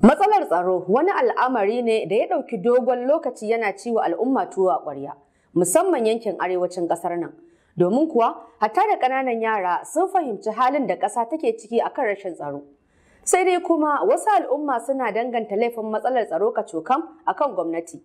Matsalar tsaro wani al'amari ne da ya ɗauki dogon lokaci yana ciwo al'umma tuwo a ƙwarya, musamman yankin arewacin ƙasar nan. Domin kuwa, hatta da ƙananan yara sun fahimci halin da ƙasa take ciki a kan rashin tsaro. Sai dai kuma wasu al'umma suna danganta laifin matsalar tsaro kacokam kan gwamnati,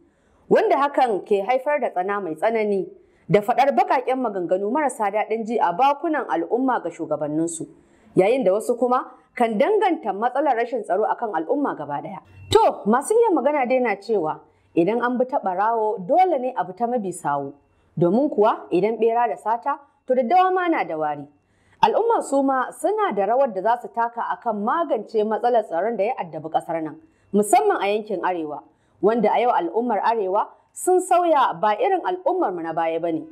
wanda hakan ke haifar da tsana mai tsanani da faɗar baƙaƙen maganganu marasa daɗin ji a bakunan al'umma ga shugabanninsu, yayin da wasu kuma kan danganta matsalar rashin tsaro akan al'umma gaba daya. To, masu iya magana dai na cewa idan an bi ta barawo dole ne a bi ta mabi sawu. Domin kuwa idan bera da sata, to da dawa ma na da wari. Al'umma su ma suna da rawar da za su taka akan magance matsalar tsaron da ya addabi ƙasar nan, musamman a yankin Arewa, wanda a yau al'ummar Arewa sun sauya ba irin al'ummar mu na baya bane.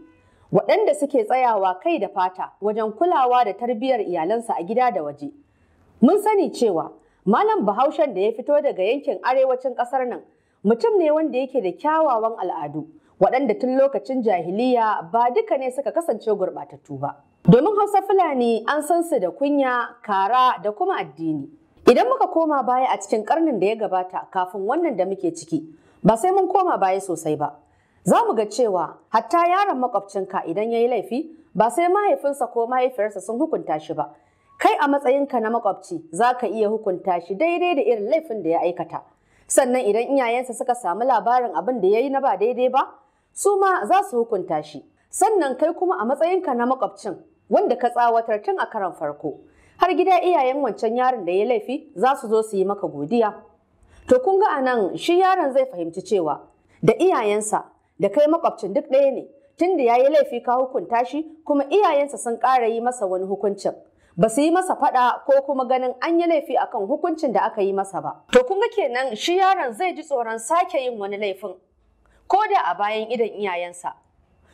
Waɗanda suke tsayawa kai da fata wajen kulawa da tarbiyyar iyalansa a gida da waje. Mun sani cewa Malam Bahaushen da ya fito daga yankin arewacin ƙasar nan mutum ne wanda yake da kyawawan al'adu waɗanda tun lokacin jahiliya ba duka ne suka kasance gurɓatattu ba. Domin Hausa Fulani an san su da kunya, kara da kuma addini. Idan muka koma baya a cikin ƙarnin da ya gabata kafin wannan da muke ciki, ba sai mun koma baya sosai ba. Za mu ga cewa hatta yaron makwabcinka idan ya yi laifi ba sai mahaifinsa ko mahaifiyarsa sun hukunta shi ba. kai a matsayinka na makwabci za ka iya hukunta shi daidai da irin laifin da ya aikata sannan idan iyayensa suka samu labarin abin da ya yi na ba daidai ba su ma za su hukunta shi sannan kai kuma a matsayinka na makwabcin wanda ka tsawatar tun a karan farko har gida iyayen wancan yaron da ya laifi za su zo su yi maka godiya to kun ga anan shi yaron zai fahimci cewa da iyayensa da kai makwabcin duk ɗaya ne tun da ya yi laifi ka hukunta shi kuma iyayensa sun ƙara yi masa wani hukuncin ba su yi masa faɗa ko kuma ganin an yi laifi akan hukuncin da aka yi masa ba. To kuma kenan shi yaron zai ji tsoron sake yin wani laifin ko da a bayan idan iyayensa.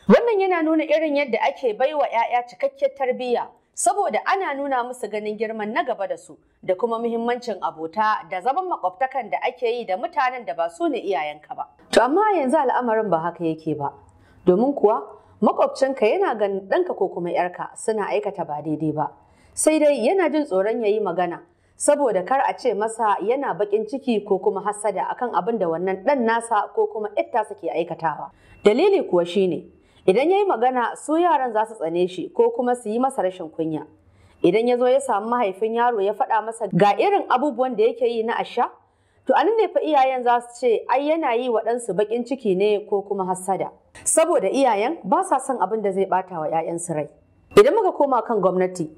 Wannan yana nuna irin yadda ake baiwa 'ya'ya cikakken tarbiyya saboda ana nuna musu ganin girman na gaba da su da kuma muhimmancin abota da zaman makwabtakan da ake yi da mutanen da ba su ne iyayenka ba. To amma yanzu al'amarin ba haka yake ba. Domin kuwa makwabcinka yana ganin ɗanka ko kuma 'yarka suna aikata ba daidai ba. sai dai yana jin tsoron ya yi magana saboda kar a ce masa yana bakin ciki ko kuma hassada akan abin da wannan dan nasa ko kuma ita ke aikatawa. Dalili kuwa shine idan yayi magana su yaran za su tsane shi ko kuma su yi masa rashin kunya. Idan ya zo ya samu mahaifin yaro ya faɗa masa ga irin abubuwan da yake yi na asha, to anan ne fa iyayen za su ce ai yana yi wa ɗansu bakin ciki ne ko kuma hassada. Saboda iyayen ba sa son abin da zai ɓata wa 'ya'yansu rai. Idan muka koma kan gwamnati,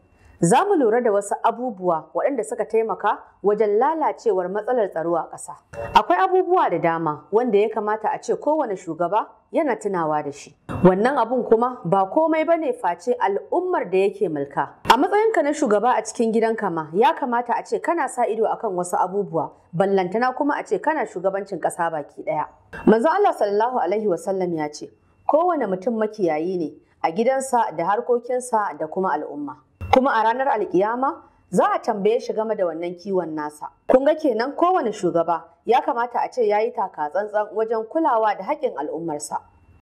Za mu lura da wasu abubuwa waɗanda suka taimaka wajen lalacewar matsalar tsaro a ƙasa. Akwai abubuwa da dama wanda ya kamata a ce kowane shugaba yana tunawa da shi. Wannan abun kuma ba komai ba ne face al'ummar da yake mulka. A matsayinka na shugaba a cikin gidan kama, ya kamata a ce kana sa ido akan wasu abubuwa, ballantana kuma a ce kana shugabancin ƙasa baki ɗaya. Manzo Allah sallallahu alaihi wasallam ya ce, kowane mutum makiyayi ne a gidansa da harkokinsa da kuma al'umma. kuma a ranar alkiyama za a tambaye shi game da wannan kiwon nasa kun ga kenan kowane shugaba ya kamata a ce ya yi taka tsantsan wajen kulawa da haƙƙin al'ummarsa